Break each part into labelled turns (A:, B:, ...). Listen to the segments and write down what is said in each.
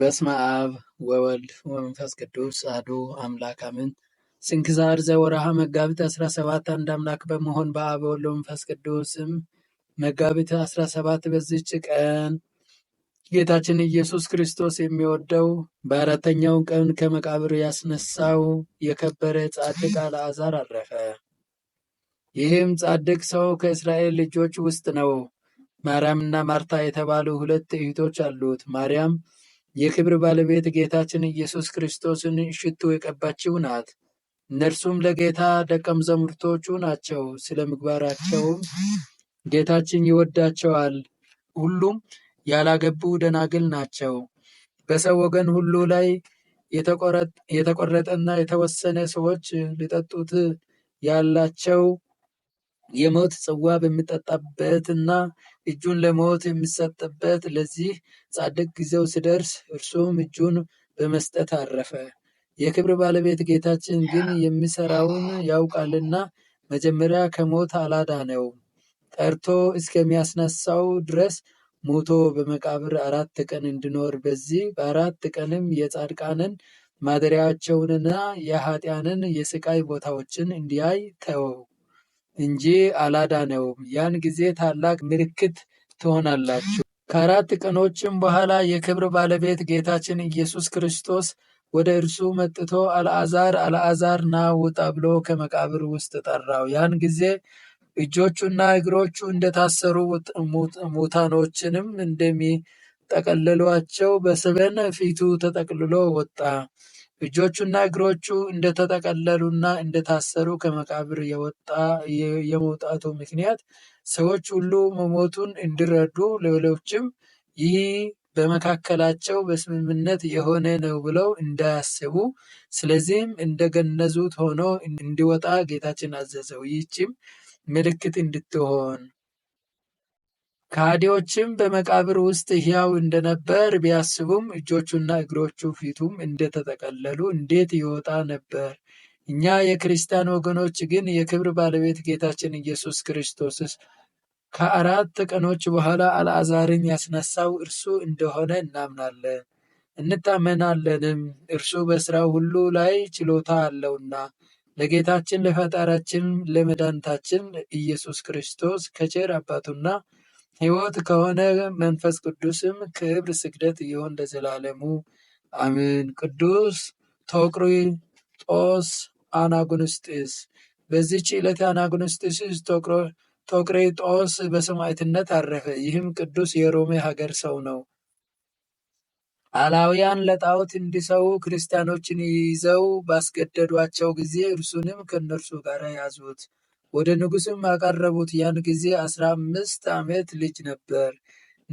A: በስመ አብ ወወልድ ወመንፈስ ቅዱስ አሐዱ አምላክ አሜን። ስንክሳር ዘወረሃ መጋቢት 17 አንድ አምላክ በመሆን በአብ ወወልድ ወመንፈስ ቅዱስም መጋቢት 17 በዚች ቀን ጌታችን ኢየሱስ ክርስቶስ የሚወደው በአራተኛው ቀን ከመቃብር ያስነሳው የከበረ ጻድቅ አልዓዛር አረፈ። ይህም ጻድቅ ሰው ከእስራኤል ልጆች ውስጥ ነው። ማርያምና ማርታ የተባሉ ሁለት እህቶች አሉት። ማርያም የክብር ባለቤት ጌታችን ኢየሱስ ክርስቶስን ሽቱ የቀባችው ናት። እነርሱም ለጌታ ደቀ መዛሙርቶቹ ናቸው። ስለ ምግባራቸውም ጌታችን ይወዳቸዋል። ሁሉም ያላገቡ ደናግል ናቸው። በሰው ወገን ሁሉ ላይ የተቆረጠና የተወሰነ ሰዎች ሊጠጡት ያላቸው የሞት ጽዋ በሚጠጣበትና እጁን ለሞት የሚሰጥበት ለዚህ ጻድቅ ጊዜው ሲደርስ እርሱም እጁን በመስጠት አረፈ። የክብር ባለቤት ጌታችን ግን የሚሰራውን ያውቃልና መጀመሪያ ከሞት ነው። ጠርቶ እስከሚያስነሳው ድረስ ሞቶ በመቃብር አራት ቀን እንዲኖር በዚህ በአራት ቀንም የጻድቃንን ማደሪያቸውንና የኃጢያንን የስቃይ ቦታዎችን እንዲያይ ተወው። እንጂ አላዳነውም። ያን ጊዜ ታላቅ ምልክት ትሆናላችሁ። ከአራት ቀኖችም በኋላ የክብር ባለቤት ጌታችን ኢየሱስ ክርስቶስ ወደ እርሱ መጥቶ አልዓዛር አልዓዛር ና ውጣ ብሎ ከመቃብር ውስጥ ጠራው። ያን ጊዜ እጆቹና እግሮቹ እንደታሰሩ ሙታኖችንም እንደሚ ጠቀለሏቸው። በሰበን ፊቱ ተጠቅልሎ ወጣ። እጆቹና እግሮቹ እንደተጠቀለሉና እንደታሰሩ ከመቃብር የመውጣቱ ምክንያት ሰዎች ሁሉ መሞቱን እንዲረዱ ሌሎችም ይህ በመካከላቸው በስምምነት የሆነ ነው ብለው እንዳያስቡ፣ ስለዚህም እንደገነዙት ሆኖ እንዲወጣ ጌታችን አዘዘው። ይህችም ምልክት እንድትሆን ካዲዎችም በመቃብር ውስጥ ሕያው እንደነበር ቢያስቡም እጆቹና እግሮቹ ፊቱም እንደተጠቀለሉ እንዴት ይወጣ ነበር? እኛ የክርስቲያን ወገኖች ግን የክብር ባለቤት ጌታችን ኢየሱስ ክርስቶስስ ከአራት ቀኖች በኋላ አልዓዛርን ያስነሳው እርሱ እንደሆነ እናምናለን እንታመናለንም። እርሱ በሥራው ሁሉ ላይ ችሎታ አለውና ለጌታችን ለፈጣሪያችን ለመድኃኒታችን ኢየሱስ ክርስቶስ ከቸር አባቱና ሕይወት ከሆነ መንፈስ ቅዱስም ክብር ስግደት ይሁን ለዘላለሙ አሜን። ቅዱስ ቶቅሪጦስ አናጉንስጢስ። በዚች ዕለት አናጉንስጢስ ቶቅሪጦስ በሰማዕትነት አረፈ። ይህም ቅዱስ የሮሜ ሀገር ሰው ነው። አላውያን ለጣዖት እንዲሰው ክርስቲያኖችን ይዘው ባስገደዷቸው ጊዜ እርሱንም ከእነርሱ ጋር ያዙት። ወደ ንጉሡም አቀረቡት። ያን ጊዜ አስራ አምስት ዓመት ልጅ ነበር።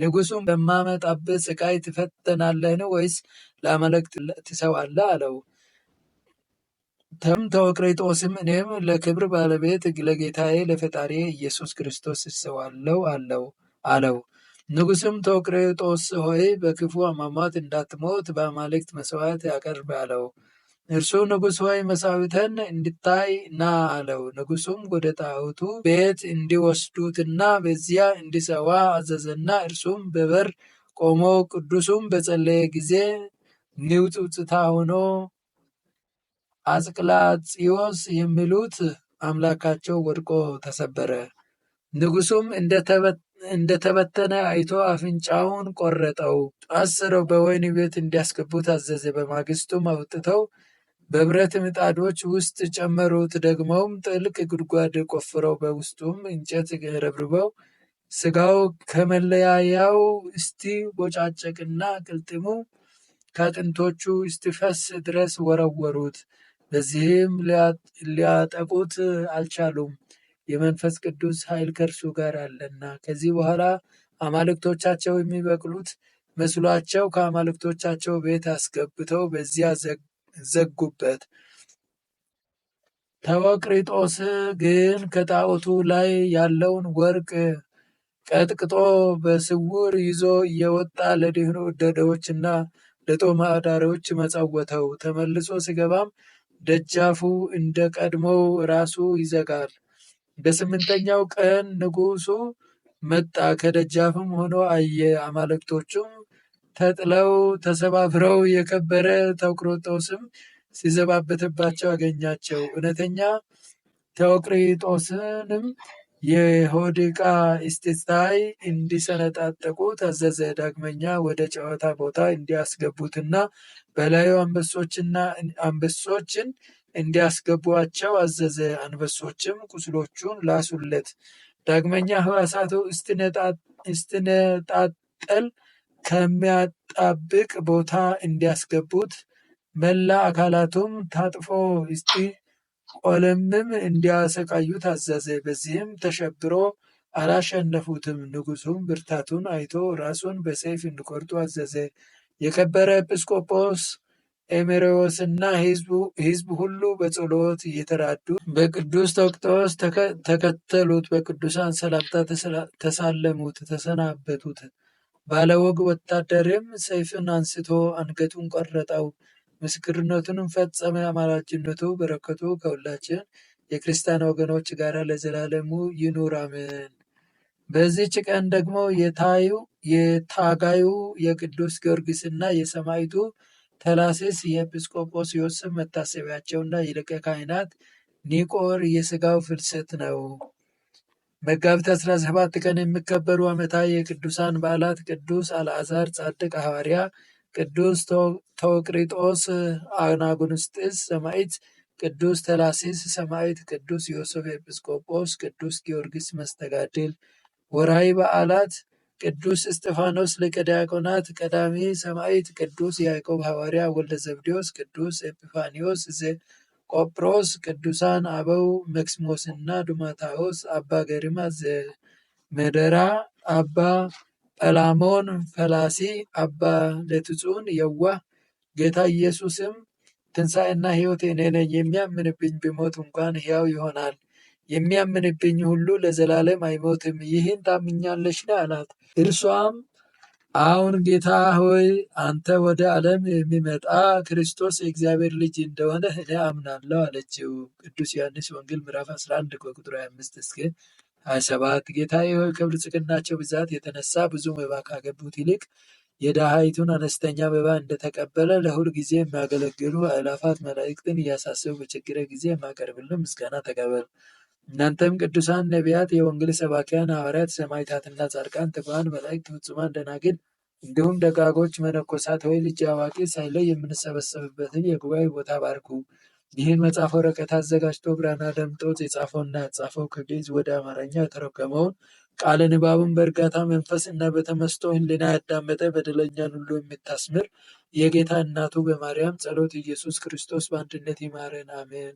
A: ንጉሱም በማመጣበት ስቃይ ትፈተናለህን? ወይስ ለአማልክት ትሠዋለህ? አለው። ተም ተወቅሬጦስም እኔም ለክብር ባለቤት ለጌታዬ ለፈጣሪ ኢየሱስ ክርስቶስ እሠዋለሁ አለው አለው። ንጉስም ተወቅሪጦስ ሆይ በክፉ አሟሟት እንዳትሞት በአማልክት መስዋዕት ያቀርብ አለው። እርሱ ንጉሥ ሆይ መሳዊተን እንድታይ ና አለው። ንጉሱም ወደ ጣዖቱ ቤት እንዲወስዱትና በዚያ እንዲሰዋ አዘዘና እርሱም በበር ቆሞ ቅዱሱም በጸለየ ጊዜ ንውጽውጽታ ሆኖ አጽቅላጽዮስ የሚሉት አምላካቸው ወድቆ ተሰበረ። ንጉሱም እንደተበተነ አይቶ አፍንጫውን ቆረጠው፣ አስረው በወህኒ ቤት እንዲያስገቡት አዘዘ። በማግስቱም አውጥተው በብረት ምጣዶች ውስጥ ጨመሩት ደግመውም ጥልቅ ጉድጓድ ቆፍረው በውስጡም እንጨት ረብርበው ስጋው እስቲ ቦጫጨቅና ቅልጥሙ ከአጥንቶቹ እስቲፈስ ድረስ ወረወሩት። በዚህም ሊያጠቁት አልቻሉም፣ የመንፈስ ቅዱስ ኃይል ከእርሱ ጋር አለና። ከዚህ በኋላ አማልክቶቻቸው የሚበቅሉት መስሏቸው ከአማልክቶቻቸው ቤት አስገብተው በዚያ ዘጉበት። ተወቅሪጦስ ግን ከጣዖቱ ላይ ያለውን ወርቅ ቀጥቅጦ በስውር ይዞ እየወጣ ለድሆች ደደዎችና ለጦም አዳሪዎች መጸወተው። ተመልሶ ሲገባም ደጃፉ እንደ ቀድሞው ራሱ ይዘጋል። በስምንተኛው ቀን ንጉሱ መጣ፣ ከደጃፍም ሆኖ አየ፣ አማልክቶቹም ተጥለው ተሰባብረው የከበረ ተውቅሮጦስም ሲዘባበትባቸው አገኛቸው። እውነተኛ ተውቅሪጦስንም የሆድ ዕቃ እስኪታይ እንዲሰነጣጠቁ ታዘዘ። ዳግመኛ ወደ ጨዋታ ቦታ እንዲያስገቡትና በላዩ አንበሶችና አንበሶችን እንዲያስገቧቸው አዘዘ። አንበሶችም ቁስሎቹን ላሱለት። ዳግመኛ ሕዋሳቱ ስትነጣጠል ከሚያጣብቅ ቦታ እንዲያስገቡት መላ አካላቱም ታጥፎ ይስጢ ቆለምም እንዲያሰቃዩት አዘዘ። በዚህም ተሸብሮ አላሸነፉትም። ንጉሱም ብርታቱን አይቶ ራሱን በሰይፍ እንዲቆርጡ አዘዘ። የከበረ ኤጲስቆጶስ ኤሜሬዎስና ሕዝብ ሁሉ በጸሎት እየተራዱ በቅዱስ ቶክቶስ ተከተሉት። በቅዱሳን ሰላምታ ተሳለሙት፣ ተሰናበቱት። ባለወግ ወታደርም ሰይፍን አንስቶ አንገቱን ቆረጠው ምስክርነቱንም ፈጸመ አማላጅነቱ በረከቱ ከሁላችን የክርስቲያን ወገኖች ጋር ለዘላለሙ ይኑር አሜን። በዚች ቀን ደግሞ የታዩ የታጋዩ የቅዱስ ጊዮርጊስና የሰማዕቱ ተላስስ የኤጲስቆጶስ መታሰቢያቸውና የሊቀ ካህናት ኒቆር የሥጋው ፍልሰት ነው። መጋቢት 17 ቀን የሚከበሩ ዓመታዊ የቅዱሳን በዓላት ቅዱስ አልዓዛር ጻድቅ ሐዋርያ፣ ቅዱስ ቴዎቅሪጦስ አናጉንስጢስ ሰማዕት፣ ቅዱስ ተላሲስ ሰማዕት፣ ቅዱስ ዮሴፍ ኤጲስቆጶስ፣ ቅዱስ ጊዮርጊስ መስተጋድል። ወርኃዊ በዓላት ቅዱስ እስጢፋኖስ ሊቀ ዲያቆናት ቀዳሜ ሰማዕት፣ ቅዱስ ያዕቆብ ሐዋርያ ወልደ ዘብዴዎስ፣ ቅዱስ ኤጲፋንዮስ ቆጵሮስ ቅዱሳን አበው መክስሞስና ዱማታዎስ፣ አባ ገሪማ ዘመደራ፣ አባ ጰላሞን ፈላሲ፣ አባ ለትጹን የዋህ፣ ጌታ ኢየሱስም ትንሣኤና ሕይወት እኔ ነኝ፣ የሚያምንብኝ ቢሞት እንኳን ሕያው ይሆናል፣ የሚያምንብኝ ሁሉ ለዘላለም አይሞትም፣ ይህን ታምኛለሽን? አላት። እርሷም አሁን ጌታ ሆይ አንተ ወደ ዓለም የሚመጣ ክርስቶስ የእግዚአብሔር ልጅ እንደሆነ እኔ አምናለሁ አለችው። ቅዱስ ዮሐንስ ወንጌል ምዕራፍ 11 ቁጥር 25 እስከ 27 ጌታ ሆይ ከብልጽግናቸው ብዛት የተነሳ ብዙ መባ ካገቡት ይልቅ የድሃይቱን አነስተኛ መባ እንደተቀበለ ለሁል ጊዜ የሚያገለግሉ አእላፋት መላእክትን እያሳሰቡ በችግር ጊዜ የማቀርብልን ምስጋና ተቀበል። እናንተም ቅዱሳን ነቢያት፣ የወንጌል ሰባኪያን ሐዋርያት፣ ሰማዕታትና ጻድቃን፣ ትጉሃን መላእክት፣ ፍጹማን ደናግል፣ እንዲሁም ደጋጎች መነኮሳት ወይ ልጅ አዋቂ ሳይለይ የምንሰበሰብበትን የጉባኤ ቦታ ባርኩ። ይህን መጽሐፍ ወረቀት አዘጋጅቶ ብራና ደምጦት የጻፈውና ያጻፈው ከግዕዝ ወደ አማርኛ የተረጎመውን ቃለ ንባቡን በእርጋታ መንፈስ እና በተመስጦ ሕሊና ያዳመጠ በደለኛን ሁሉ የምታስምር የጌታ እናቱ በማርያም ጸሎት ኢየሱስ ክርስቶስ በአንድነት ይማረን፣ አሜን።